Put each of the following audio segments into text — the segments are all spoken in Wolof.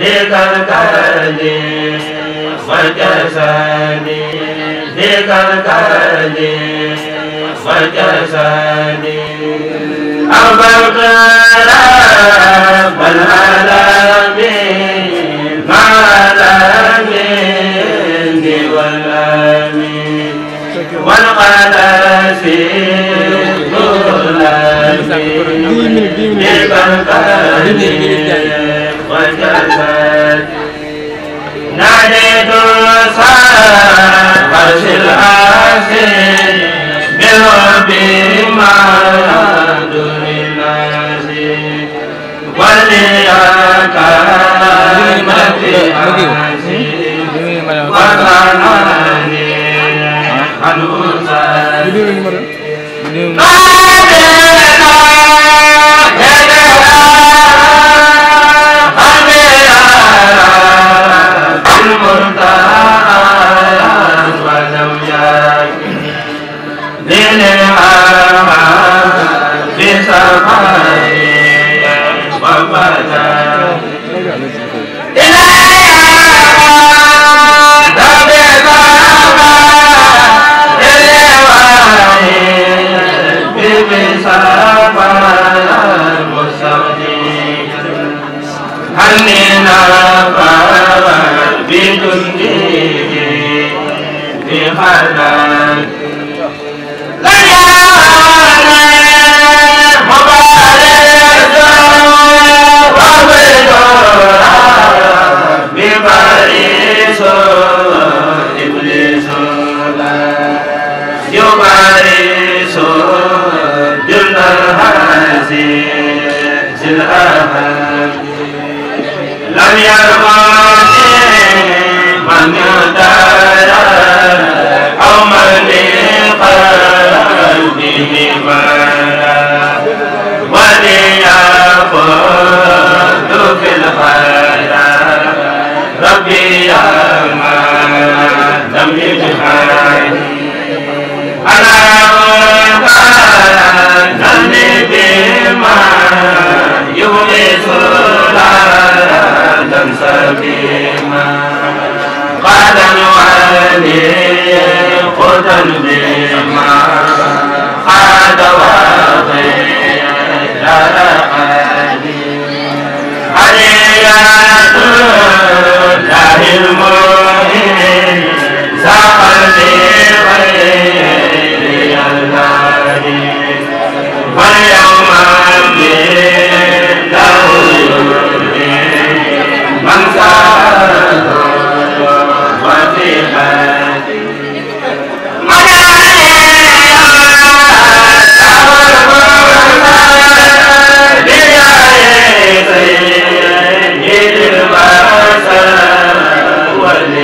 ذكر كردي وجسدي ذكر كردي وجسدي أبرق رب العالمين مع العالمين والأمين والقلس ذو الأمين ذكر كردي العرش العظيم برب ما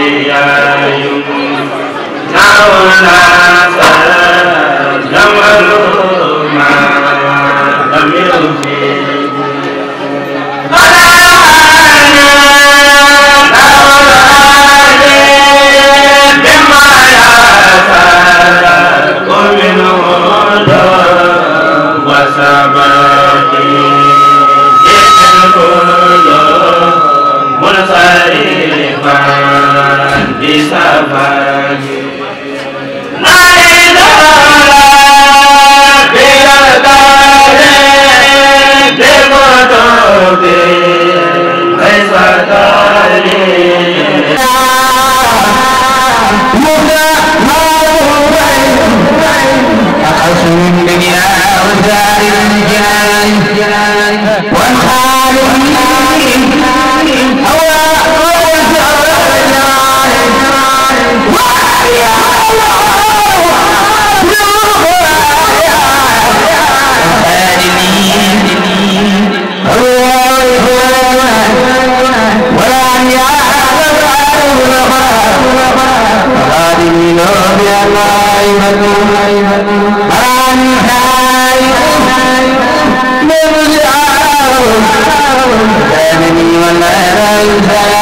يا sa Thank you.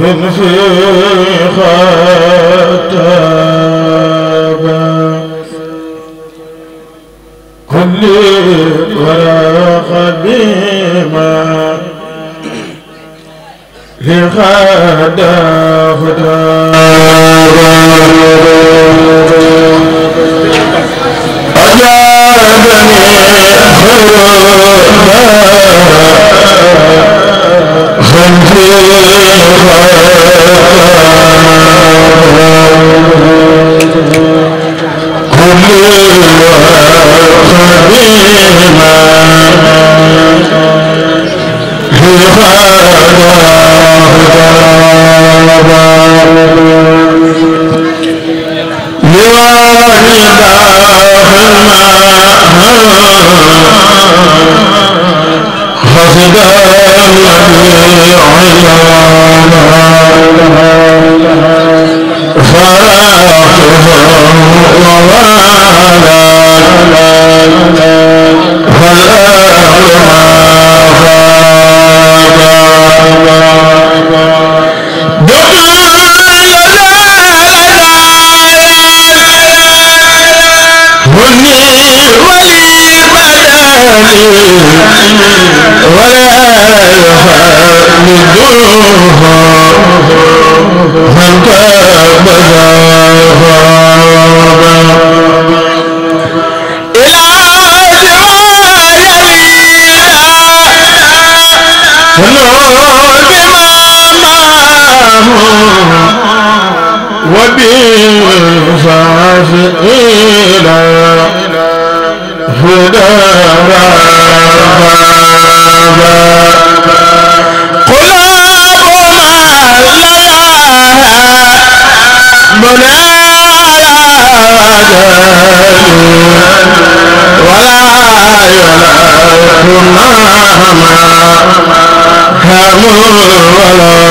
هم في خطابا كل ولا قديما لغدا هدى ولا يلهمهما هم ولا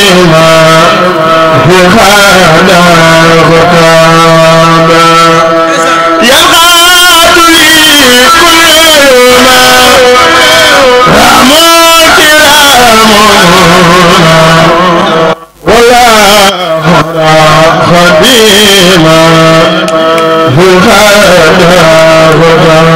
قديما بهذا الغتاب يغاد لي كل ما رموت رامنا ولا هرى قديما بهذا الغتاب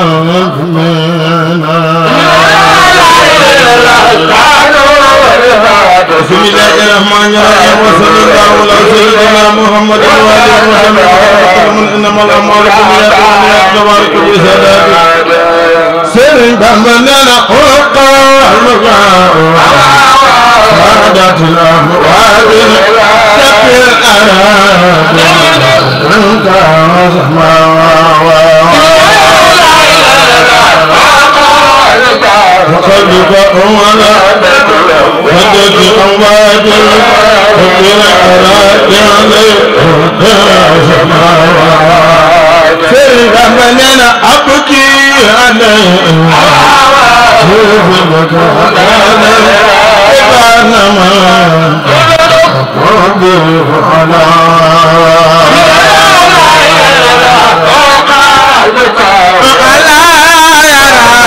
مضمنا بسم الله الرحمن الرحيم وصلى الله على سيدنا محمد وعلى اله وصحبه انما الامر بالنيات والجوارح بالصدقات سر بمننا حقا المغاو وعدت الأموال تكفي الأنام أنت وزحمة وقلبك أولا وقلبك أواد وقلبك أراد عليكم يا سماوات سر من أبكي عليهم وقلبك عليهم إبان ما قدر على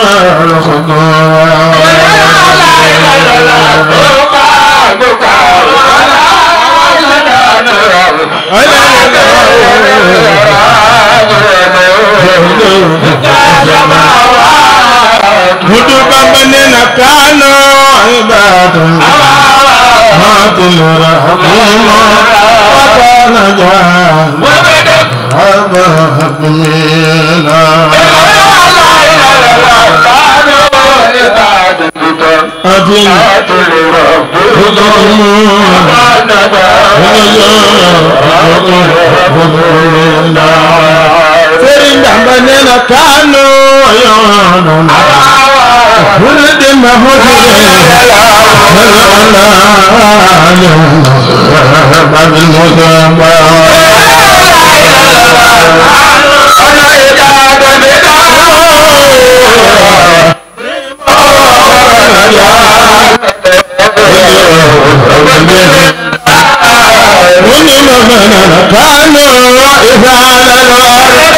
الله Mudu Bamba ne na kaano ibaadu Maatul rahmu Wakana jaan Rabba Abmina أبين هدوم هدوم هدوم sëriñ Bamba nee na kaanu yoonu na bul dimba mu juree balaa ñëw babil mu jamba ana idaa dobi daa Thank you.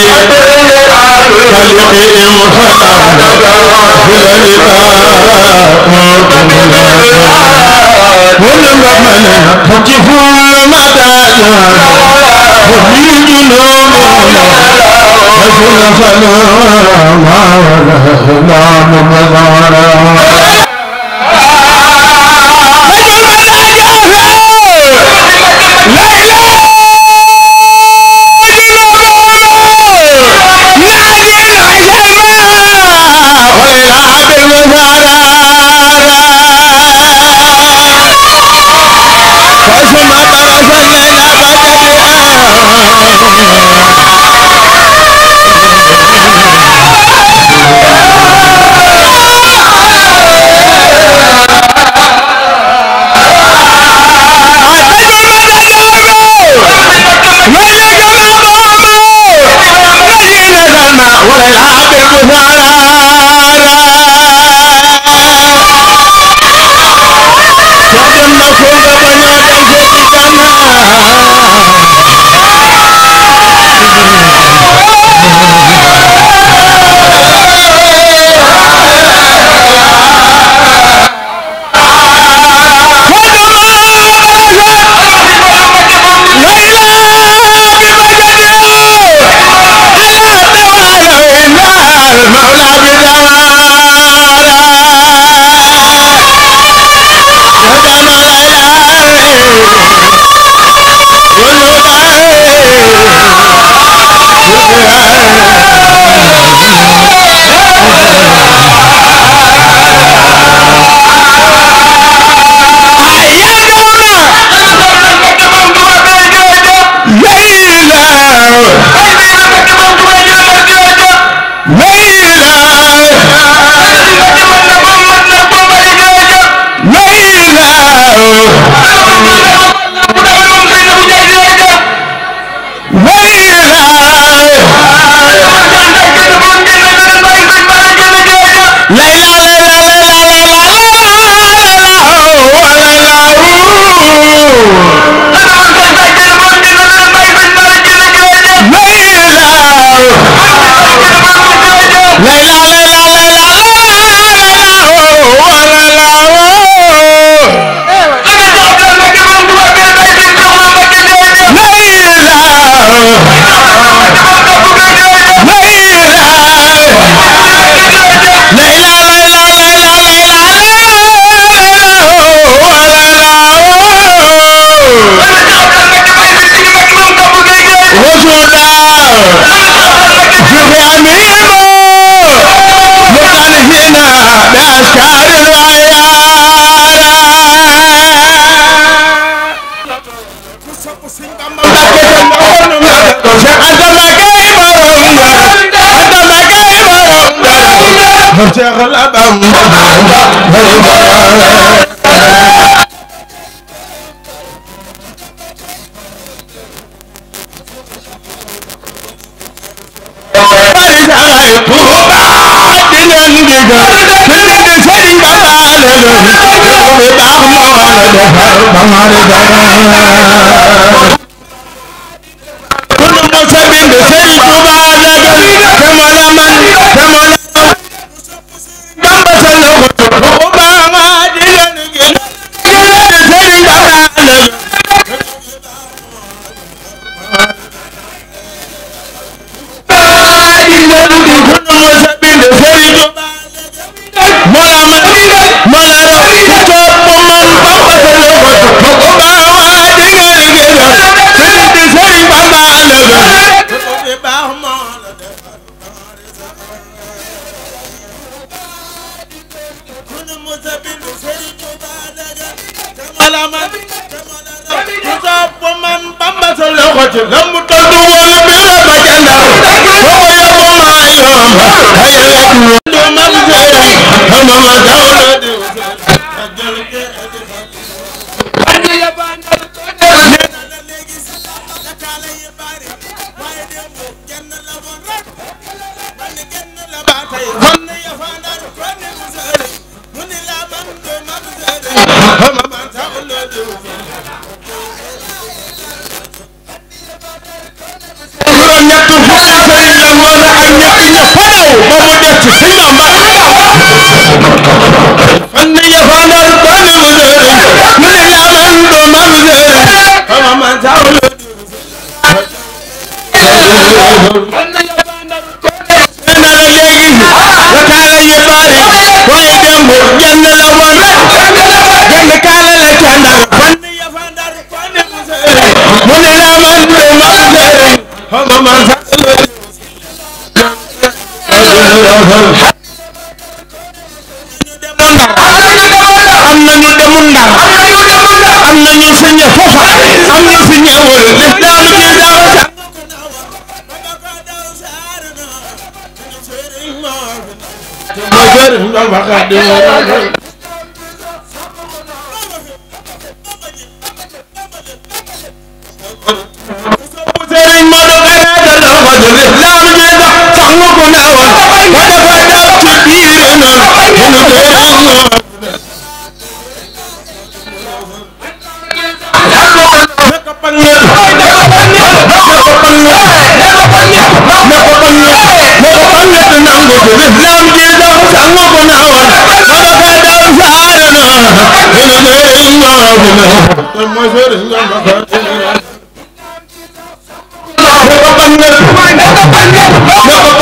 كالقيم ولما تقفوا المدى وفي جنوبنا نسل فلا ما ولا لا مضارا Seexal Bamba Bamari الله وبنى الله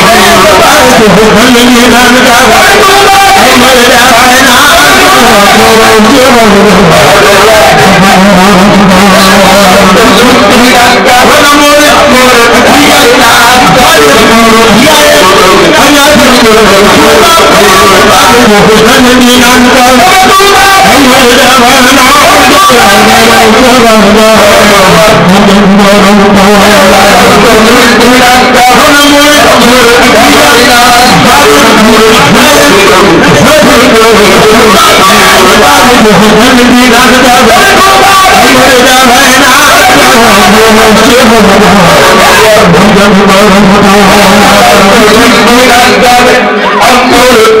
سبحان الذي لا نكاح أين الأبائنا Thank you. I'm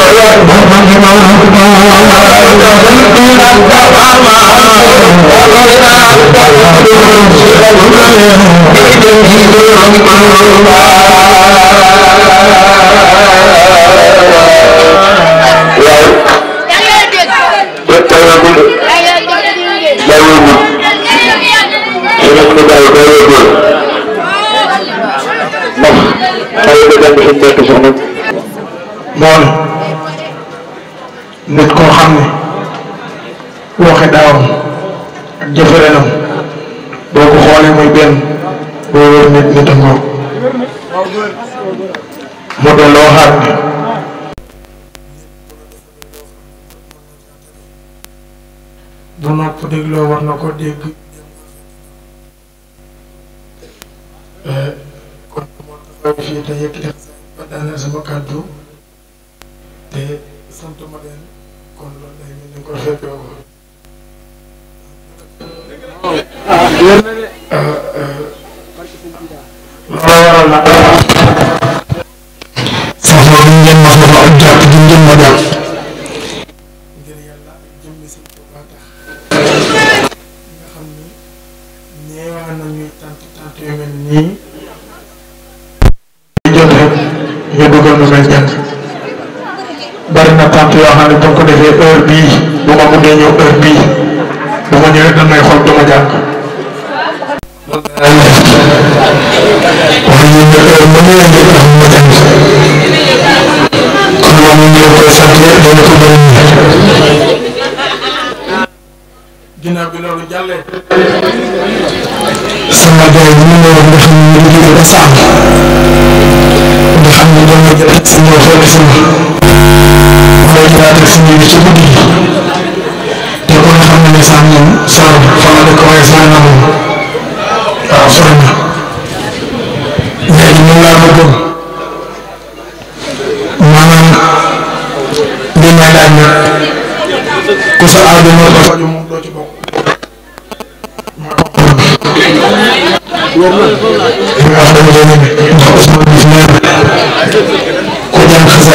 bon bu nopp dégloo war na ko dégg eh, kon moo taxaw fii te yëkkati ba daaneel sama kàddu te sant ma leen kon loolu day mel ni ko fekkee ah,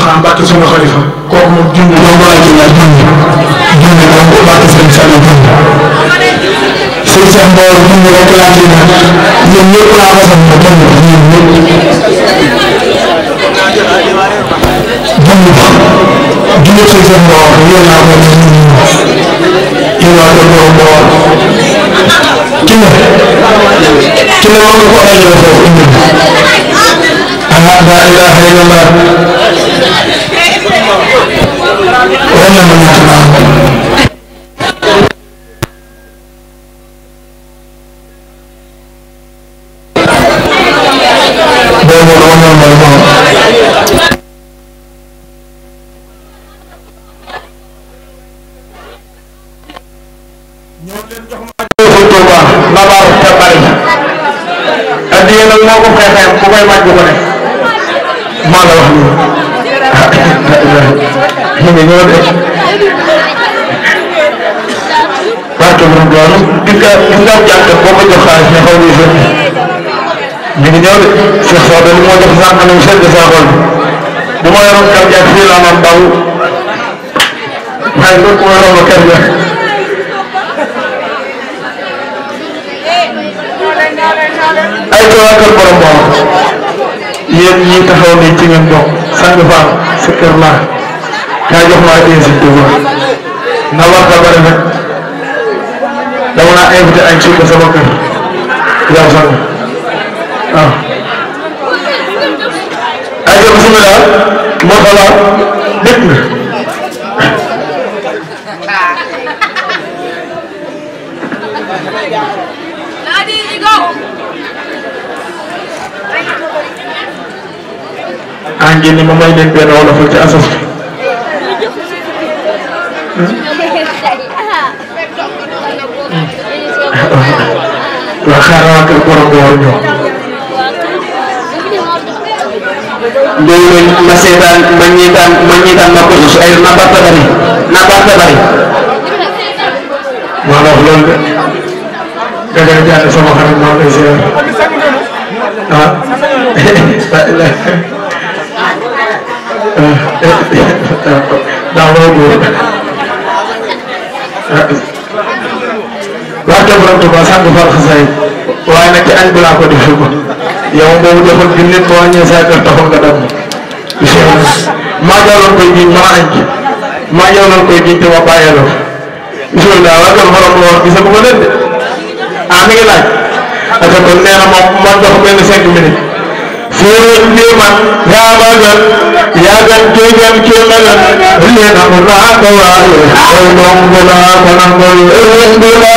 Mountakha Mbacké sunu xalifa kooku moom junj la wala junj la junj junj la moom Mbacké sëriñ Saliou junj sëriñ Cheikh Mbow junj rek laa ciy naan ñun ñëpp laa ko sant junj ñun ñëpp junj junj sëriñ Cheikh Mbow yéen laa ko ñun ñun yéen waa Mbow Mbow ci ne ci ne war nga ko rajo foofu indi أشهد أن لا إله إلا الله وأن من يتبعه Thank you. maa la wax nii ah waaw ñu ngi ñëw de. gis nga gis nga jàkka boo ko jox xaalis ne xaw ma jëm ñu ngi ñëw de. Cheikh Sow de li ma jox sànq nañu sedd saa xol bu ma yoroon kàr jàkk fii laa ma daw waaye loolu ku ma yoroon kàr jàkk ay toogal borom boo yéen ñi taxaw ne ci ngeen bokk sang faal sa kër laa yaa jox ma addiya Sëñ Tuubaa na war ka bare nag dama naa invité añ suba sama kër ah. yow sang waaw ay jox bismillah moo xalaat dégg nga xam ngeen ni ma may leen benn wolofal ci asas bi hmm. waaw xaaral ak borom nga war ñoo ko su na barta bari na barta bari maa wax loolu de dangay jàll sama xarit maa ngi ah daawoo wax dëgg borom Tuubaa sànq far xasaay waaye nag ci añ bu laa ko defee ko yow boobu defoon bi lépp boo ñëwee saa kër taxul nga dem incha allah maa jàlloon koy jiñ maa añ maa jàlloon koy jiñ te ma bàyyeeloo incha allah waaye kon borom moo wax gisaguma leen de ah mi ngi laaj parce que kon nee na moom man dafa mel ni cinq minutes. سير نيمان يا بغل يا بن تيجن كيمن بلين أمرا كواي أولم بلا كنقول أولم بلا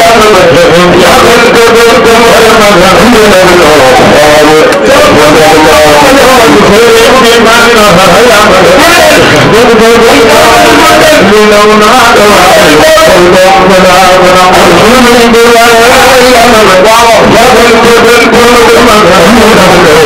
يا بغل يا بن تيجن كيمن بلين أمرا كواي سير نيمان يا بغل بلين أمرا كواي أولم بلا كنقول أولم بلا يا بغل يا بن تيجن كيمن بلين أمرا كواي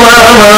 Mama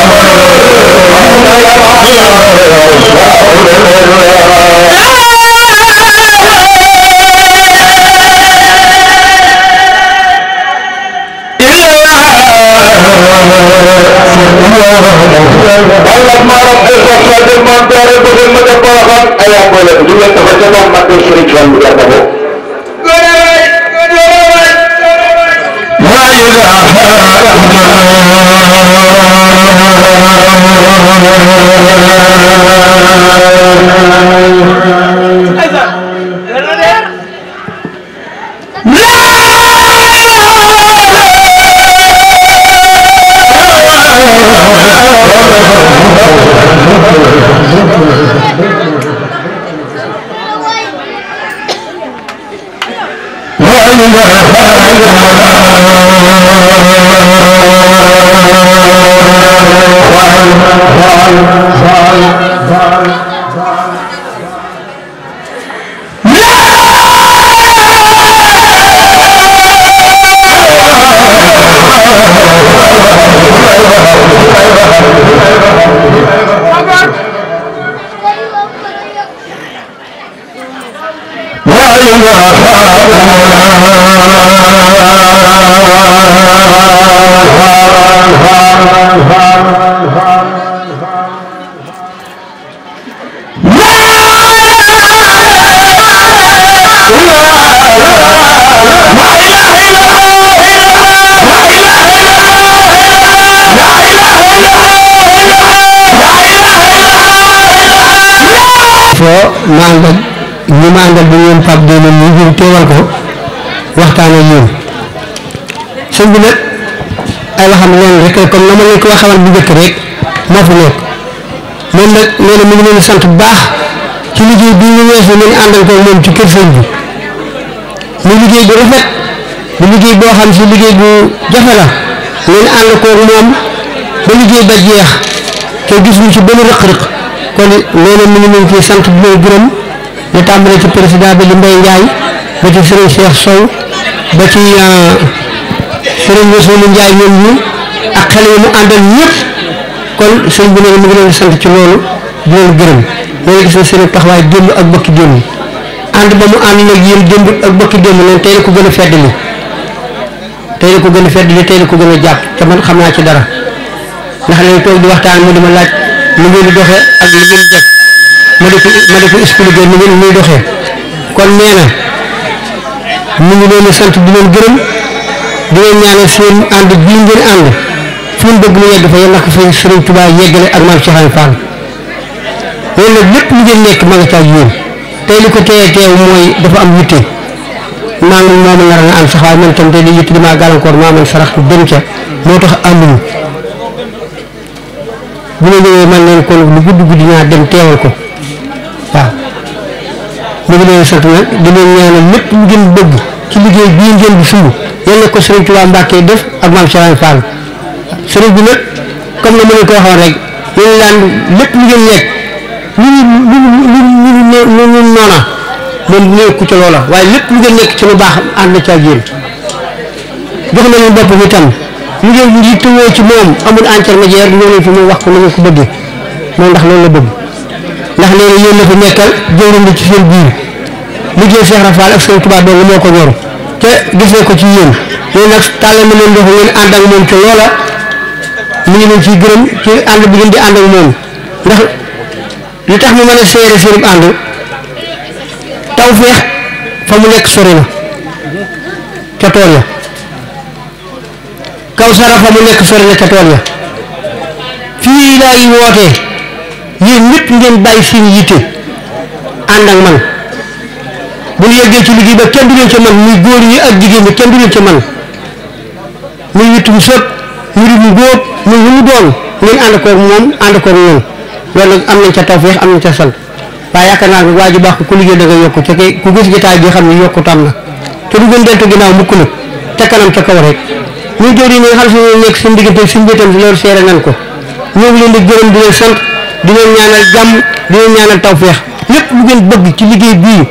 ma ñi maangal bi ñoom Pape Diop waxtaan ak ñoom sëñ bi nag ay waxam noonu rek comme na ma leen ko waxal bu njëkk rek moo fi nekk moom nag nee na mi sant bu baax ci liggéey bi ñu weesu ñu àndal moom ci kër sëñ bi mu liggéey bu rafet bu liggéey boo xam si liggéey bu jafe la moom ba liggéey ba jeex gis ñu ci benn rëq kon loolu mu ngi leen ciy sant di leen gërëm ñu tàmbale ci président bi li Mbaye Ndiaye ba ci sëriñ Cheikh Sow ba ci euh, sëriñ Ousseynou Ndiaye ñoom ñi ak xale yi mu àndal ñëpp kon sëriñ bi nee mu ngi leen sant ci loolu di leen gërëm loolu gis na seen taxawaay démb ak bokki démb ànd ba mu ànd nag yéen démb ak bokki démb leen tey la ko gën a fedd li tey la ko gën a ko gën a jàpp te xam naa ci dara ndax léegi toog di waxtaan mu ma laaj nu ngeen di doxee ak li ngeen def ma di ko ma di muy doxee kon nee ngi leen di sant di leen gërëm di leen ñaanal seen ànd bii ngeen ànd fu mu bëgg mu yegg fa yéen a ko fay Serigne Touba ak maam Cheikh Ibra Fall loolu nag lépp nekk ma nga caaj yéen tey li ko teewee dafa am yitte maa ngi moom nar na am sax waaye man tam tey li yitte damaa gàllankoor maa man sarax bu dem ca moo tax amuñu. bu ma ñëwee man leen kon lu gudd gudd ñaa dem teewal ko waaw ñu ngi leen sant nag di leen ñaanal lépp lu ngeen bëgg ci liggéey bii ngeen di sumb yàlla ko Serigne Touba Mbacke def ak maam Serigne Fall Serigne bi nag comme ni ma leen ko waxoon rek yéen daan lépp lu ngeen nekk lu ñu lu ñu lu ñu noona moom nekku ca loola waaye lépp lu ngeen nekk ci lu baax ànd na ca ak yéen jox nañu bopp bi tam liggéey bi li tëwoo ci moom amul intermédiaire ñoo fi muy wax ko ni nga ko bëggee moom ndax loolu la bëgg ndax nee na yéen la fi nekkal jëwriñ ci seen biir liggéey Cheikh Rafal ak seen tubaab dong moo ko ñor te gis ne ko ci yéen yéen nag tàllal na leen loxo ngeen ànd ak moom te mu ngi leen ciy gërëm ci ànd bi ngeen di ànd ak moom ndax li tax mu mën a seere mu nekk sori na ca tool ya kaw sara fa mu nekk sori na ca tool ya fii laay wootee yéen ñëpp ngeen bàyyi seen yitte ànd ak man bu ñu yeggee ci liggéey ba kenn du leen ca man mu góor ñi ak jigéen ñi kenn du leen ca man muy wittum sot mu góob muy lu mu doon ngeen ànd koog moom ànd koog loolu am nañ ca tawfeex am nañ ca sant waaye yaakaar naa ne waa ji baax ku liggéey da nga yokku te ku gis jotaay bi xam ne yokku tam na te du gën deltu ginnaaw mukk nag te kanam ca kaw rek. ñuy jëw yi nga xam si ñoo nekk suñu diggante suñu bëtam si loolu seere nan ko ñu ngi leen di gërëm di leen sant di ñaanal jàmm di leen ñaanal tawfeex lépp bu bëgg ci liggéey bii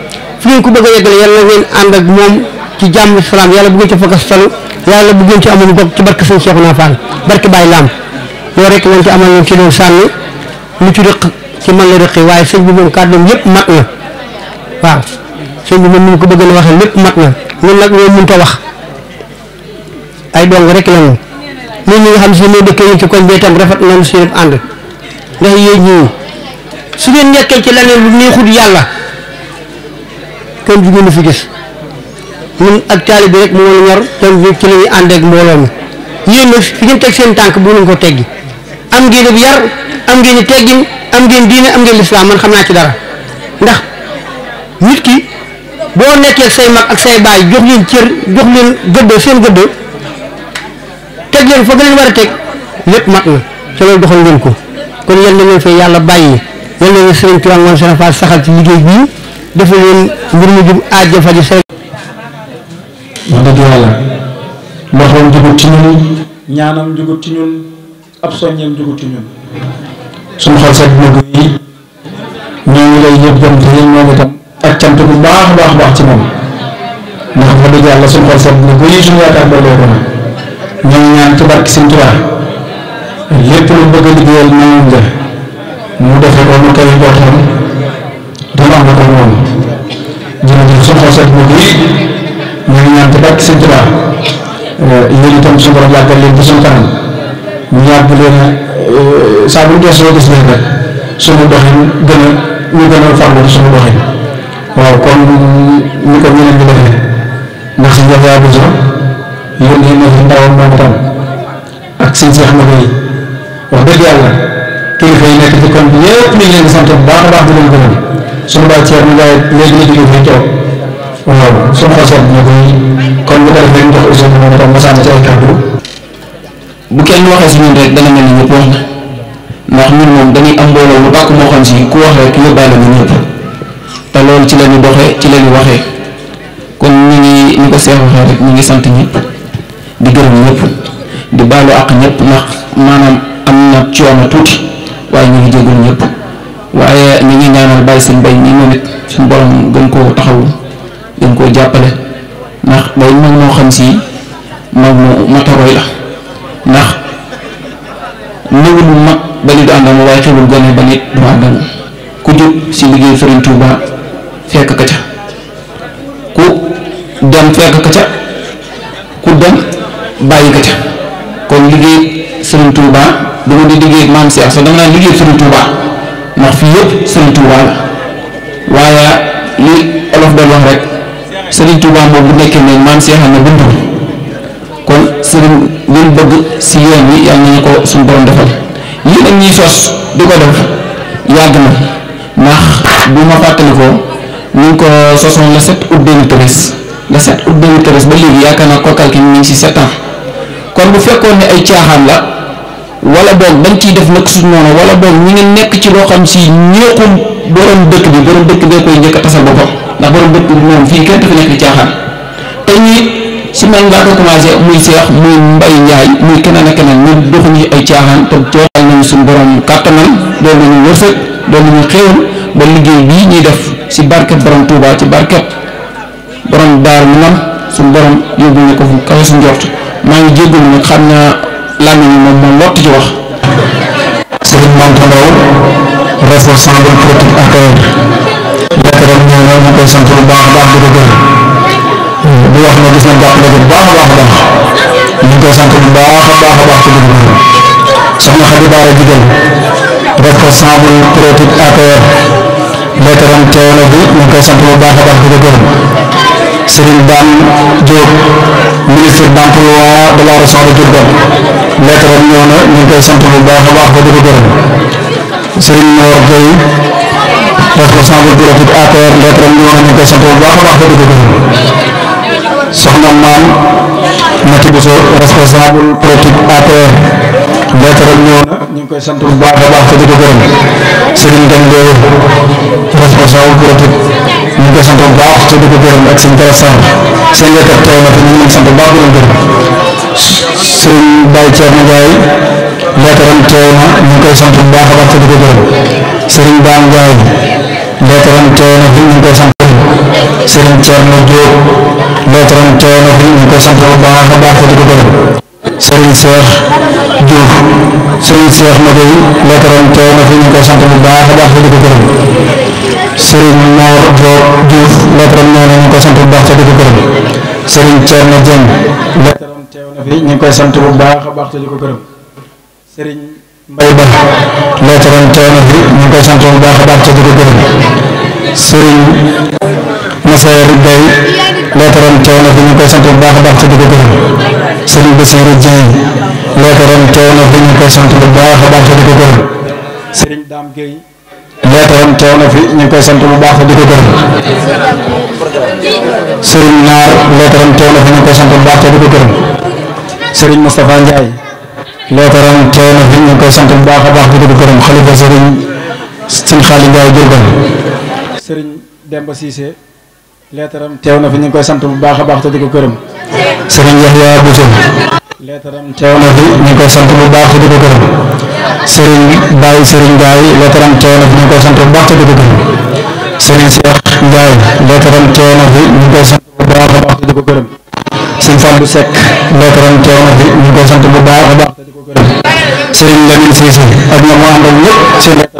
fi ngeen ko bëgg a yeggale yàlla ngeen moom ci jàmm salaam yàlla bu ngeen ci fakkas talu yàlla bu ngeen ci amul gog ci barke sëñ Cheikhouna Fall barke Baye Lam loolu rek lañ ci amal ñoom ci doon sànni lu ci rëq ci man la rëqi waaye sëñ bi moom kàddoom yëpp mat na waaw sëñ ko bëgg a waxee lépp mat na ñun nag ñoo mënta wax ay dong rek lañu nit ñi nga xam si ñoo dëkkee ñu ci koñ bee tam rafet nañu si yëpp ànd ndax yéen ñii su ngeen nekkee ci leneen lu neexut yàlla kenn du ngeen fi gis ñun ak taalibe rek moo la ñor ñoom ci la ñuy ànd ak mbooloo mi yéen nag fi ngeen teg seen tànk bu leen ko teggi am ngeen ab yar am ngeen i teggin am ngeen diine am ngeen lislaam man xam naa ci dara ndax nit ki boo nekkee say mag ak say baay jox leen cër jox leen gëdd seen gëdd. teg leen fa nga leen war a teg lépp mat na ca loolu doxal ngeen ko kon yal na leen fay yàlla bàyyi yal na leen sëriñ Tuubaa Ngone Sene Fall saxal ci liggéey bii dafa leen mbir mu jub aajo faji sëriñ wax dëgg yàlla loxoom ci ñun ñaanam ci ñun ab soññeem jugut ci ñun suñu xol sedd na yi ñoo ngi lay yëpp jëm moom itam ak cant bu baax baax baax ci moom ndax wax dëgg yàlla suñu xol sedd na yi suñu yaakaar dooloo ko na ñu ngi ñaan ci barke Sëñ Tuubaa lépp lu bëgg a liggéeyal maam ja mu defee ko mu kawe bootam dama am ko moom jërëjëf soxna Seck mu ngi ñu ngi ñaan ci barke Sëñ Tuubaa eh, yéen itam suñu borom yàggal leen ba suñu kanam ñu yàgg leen eh, saa bu ñu gëstoo gis doxin gën a ñu gën a farlu suñu doxin waaw kon ni ko ñeneen ñi defee ndax si jafe-jafe tax nga koy wax dëgg yàlla kilifa yi nekk ci kon bi yëpp ñu leen sant bu baax a baax di leen gërëm suñu baay ceer mu jaay léegi ñu jógee kon bu ko defee ñu jox aussi moom itam mosaan ci wax ndax moom dañuy am mbooloo mu bàkk moo xam si ku wax rek yóbbaale ñu ci la ñu ci la ñu waxee kon ñu ngi ñu ko seex waxee rek ngi sant ñëpp di di baalu ak ñëpp ndax maanaam am na coono tuuti waaye ñu ngi jégalu ñëpp waaye ñu ngi ñaanal bàyyi seen mbay mi moom it suñu borom gën koo taxawu gën koo jàppale ndax day mag moo si mag mu matoroy la ndax néewul mu mag ba ni du ànd waaye xewul gone ba nit du ànd ak ku jóg si liggéey Serigne Touba fekk ka ca ku dem fekk ka ca ku dem bàyyi ka ca. liggéey ak maam si ak so dama naan liggéey sëriñ Touba ndax fii yëpp rek sëriñ Touba moom bu nekkee ne maam si xam ne kon sëriñ li mu si yoon wi yàlla nañu ko suñu borom defal lii nag ñuy sos di ko def yàgg na ndax bu ma fàttalikoo ñu ngi ko sosoon le 7 août 2013 le 7 août 2013 ba léegi yaakaar naa kookal ki ñu ngi si 7 kon bu fekkoon ne ay caaxaan la. wala boog dañ ciy def nag su noonu wala boog ñu ngi nekk ci loo xam si ñeexul borom dëkk bi borom dëkk bee koy njëkk a tasal boppam ndax borom dëkk bi moom fii kenn dafa nekk di caaxaan te ñi si mel ngaa ko commencé muy seex muy mbay njaay muy keneen ak keneen ñu doxuñu ay caaxaan te cooxal nañu suñu borom kàttanal ba liggéey bii ñuy def si barket borom Touba ci barket borom daar mu nam suñu borom yóbbu ñu ko fu kawe su njort maa ngi jéggalu nag xam naa làmmiñ moom moom lott ci wax responsable politique APR léeg-léeg ñu ne ñu koy sant bu baax a baax di ko gërëm di wax ne gis nañ jàppale bu baax a baax a baax ñu ngi koy sant bu baax a baax a baax ci dugub bi soxna Khady Baara Jigéen responsable politique APR léeg-léeg teew na bi ñu koy sant bu baax a baax di ko gërëm Serigne Dame Diop ministre d'emploi de la région de Diourbel léeg-léeg ñëw na ñu ngi koy sant bu baax a baax di ko gërëm. Serigne Mor Gueye responsable bureautique APR lettre am ñu wax ñu koy sant bu baax a baax di ko gërëm soxna Maam Mati Bousso responsable bureautique APR lettre am ñëw na ñu ngi koy sant bu baax a baax di ko gërëm Serigne Deme responsable bureautique ñu ngi koy sant bu baax te di ko gërëm ak seen kër Sarr seen yëkkat teew na te sant bu baax di leen gërëm sëriñ na koy sant baax a baax te ko gërëm sëriñ Dame Ndiaye leetaram na fi ñu koy sant sëriñ Thierno Diop leetaram teew na koy sant bu baax a baax te ko koy sant bu baax Serigne Mor Diop Diouf lettre na ñu ngi koy sant bu baax te di ko gërëm Serigne Thierno Dieng lettre am teew na fi ñu ngi koy sant bu baax a baax te ko gërëm Serigne Mbaye Ba lettre am na fi ñu ngi koy bu baax a baax te di ko gërëm Serigne Nasser Gueye lettre am teew na fi ñu ngi sant bu baax a baax te di ko gërëm Serigne Bassirou Dieng lettre am teew sant bu baax a baax te di ko gërëm Serigne Dame Gueye leetaram teew na fi ñu ngi koy sant bu baax di ko gërëm sëriñ Naar leetaram teew na fi ñu ngi koy sant bu baax di ko gërëm sëriñ Moustapha Ndiaye na fi ñu koy sant bu baax a baax di ko gërëm xalifa sëriñ sëriñ Xaali Ndiaye Diourbel sëriñ Demba Cissé leetaram teew na fi ñu ngi koy sant bu baax a baax di ko gërëm sëriñ Yahya Bousso leetaram teew na fi ñu ngi bu baax di ko gërëm Serigne Baye Serigne Ndiaye leetaram teew na fi ñu ngi koy sant bu baax di ko gërëm Serigne Cheikh Ndiaye leetaram teew na fi ñu ngi koy sant bu a baax di ko gërëm Serigne Fallou Seck na fi ñu ngi bu baax a baax ko gërëm Serigne Lamine Cissé ak ñoom moo àndal ñëpp na ñu leen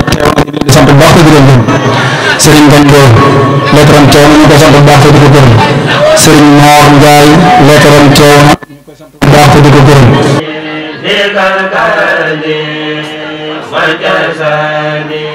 di sant bu baax di ko gërëm Serigne Gandoo leetaram teew na ñu ngi koy sant bu baax na baax te di ko gërëm